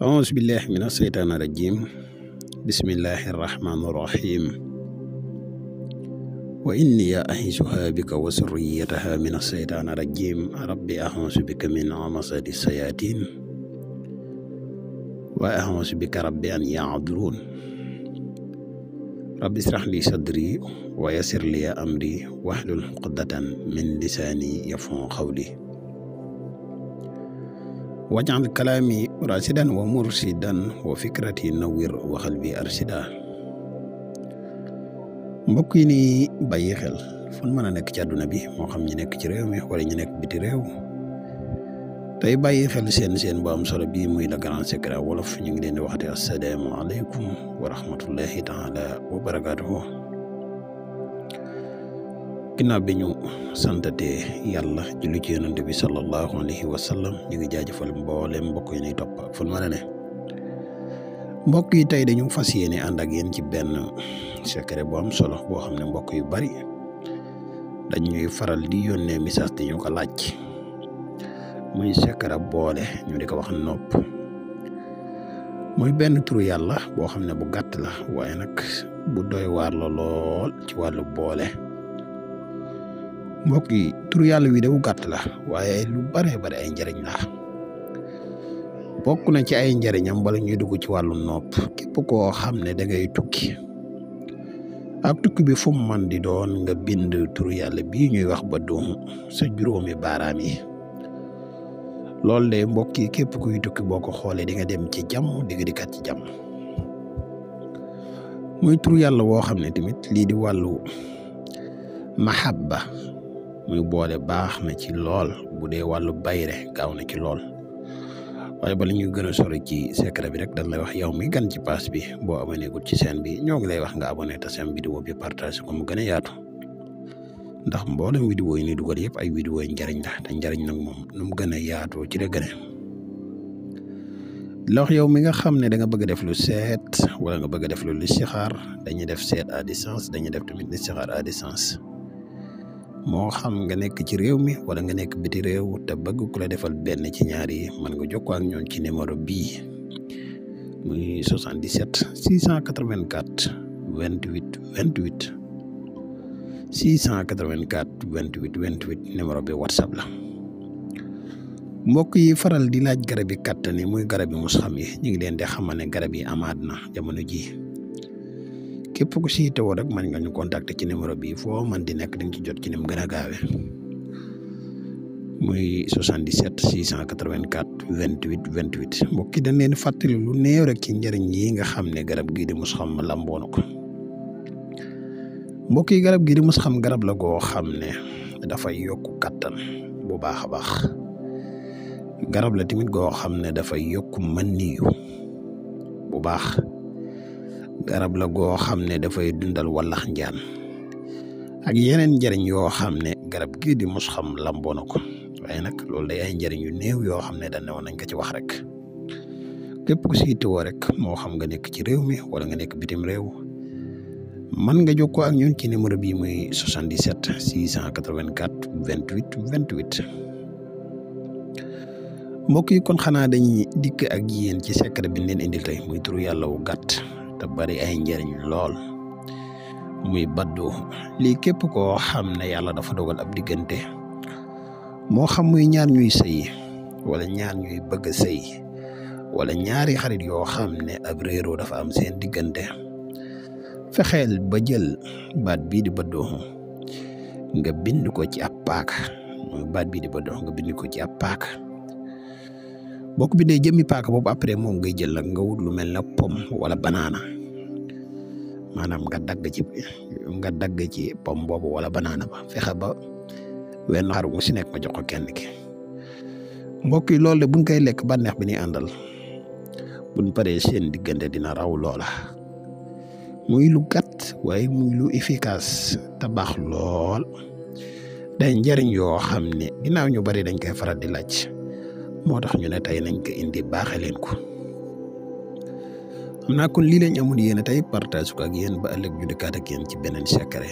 أعوذ بالله من الشيطان الرجيم بسم الله الرحمن الرحيم وإني أعيذها بك وسريتها من الشيطان الرجيم ربي أعوذ بك من عمصة الشياطين وأعوذ بك ربي أن يعدلون رب اشرح لي صدري ويسر لي أمري واحلل عقدة من لساني يفهم قولي wajal kalaami rasidan wa mursidan wa fikrati nawir waxal bi arsida mbokk yi ni bàyyi xel fan mën a nekk ci àdduna bi moo xam ñu nekk ci réew mi wala ñu nekk biti réew tey bàyyi xel seen seen bu am solo bii muy le grand secret wolof ñu ngi leen di waxte asalaamaaleykum wa rahmatullahi taala wa barakaatuhu ginnaaw bi ñu santatee yàlla julli ci yonent bi sallallahu alayhi wa sallam ñu ngi jaajëfal mboolem mbokk yi ñuy topp ak fu ne mbokk yi tey dañu fas yéene ànd ak yéen ci benn secret bu am solo boo xam ne mbokk yu bari dañuy faral di yónnee message di ñu ko laaj muy secret boole ñu di ko wax nopp muy benn turu yàlla boo xam ne bu gàtt la waaye nag bu doy waar la lool ci wàllu boole. mbokk yi tur yàlla wi de la waaye lu bare bare ay njariñ la bokk na ci ay njariñam bala ñuy dugg ci wàllu nopp képp koo xam ne da ngay tukki ak tukki bi fu man di doon nga bind turu yàlla bii ñuy wax ba doom sa juróomi baaraam yi loolu de mbokk yi képp kuy tukki boo ko xoolee di nga dem ci jàmm di nga dikkat ci jàmm muy turu yàlla woo xam ne tamit di wàllu mahabba muy boole baax na ci lool bu dee wàllu bayre gaaw na ci lool waaye li ñuy gën a sori ci secret bi rek dañ lay wax yow mi gan ci pass bi boo abonné gul ci seen bi ñoo ngi lay wax nga abonné te seen vidéo bi partage ko mu gën a yaatu ndax mboolem vidéo yi ni dugal yëpp ay vidéo yi njariñ la te njariñ nag moom nu mu gën a yaatoo ci la gën la wax yow mi nga xam ne da nga bëgg def lu seet wala nga bëgg def lu listixaar dañuy def seet à distance dañuy def tamit à distance mo xam nga nek ci rew mi wala nga nek biti rew te bëgg ku la defal ben ci ñaar yi man nga jokk ak ñoon ci numéro bi muy 77 684 28 28 684 28 28 numéro bi whatsapp la mbokk yi faral di laaj garab yi kàttan muy garab yi mus yi ñi ngi leen di xamane garab yi amaat na jamono ji képp ku ci yittewoo rek mën nga ñu contacter ci numéro bi foo man di nekk di ci jot ci nim mu gën a gaawee muy 77 684 28 28 mbokk yi dañ leen fàttali lu neew rek ci njëriñ yi nga xam ne garab gii di mus xam lamboo na ko mbokk yi garab gii di mus xam garab la goo xam ne dafay yokk kattan bu baax a baax garab la tamit goo xam ne dafay yokk mën bu baax garab la goo xam ne dafay dundal wallax njaan ak yeneen njariñ yoo xam ne garab gii di mos xam lamboo na ko waaye nag loolu day ay njariñ yu néew yoo xam ne dañ ne nañ ko ci wax rek képp ku siy woo rek moo xam nga nekk ci réew mi wala nga nekk bitim réew man nga jokkoo ak ñun ci numéro bii muy 77 684 28 28. mbokk yi kon xanaa dañuy dikk ak yéen ci secret bi ñu indil tey muy turu yàlla wu gàtt. te bari ay njariñ lool muy baddu lii képp koo xam ne yàlla dafa dogal ab diggante moo xam muy ñaar ñuy sëy wala ñaar ñuy bëgg a wala ñaari xarit yoo xam ne ab réeroo dafa am seen diggante fexeel ba jël baat bii di baddu nga bind ko ci ab paak baat bii di baddu nga bind ko ci ab paak boo ko bindee jëmmi paaka boobu après moom ngay jël nag nga wut lu mel ne pomme wala banaana maanaam nga dagg ci nga dagg ci pomme boobu wala banaana ba fexe ba wenn xar mu si nekk nga jox ko kenn ki mbokk yi loolu buñ koy lekk bànneex bi ñuy àndal buñ diggante dina raw loola muy lu gàtt waaye muy lu efficace te baax lool day njëriñ yoo xam ne ginnaaw ñu bari dañ koy faral di laaj. moo tax ñu ne tey nañ ko indi baaxe leen ko xam naa kon lii lañ amoon yéen a tey partage ko ak yéen ba ëllëg ñu dikkaat ak yéen ci beneen secret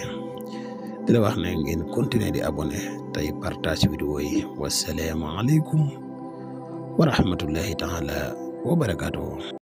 di la wax ne ngeen continuer di abonné tey partage vidéo yi wasalaamaaleykum wa rahmatullahi taala wa barakaatu.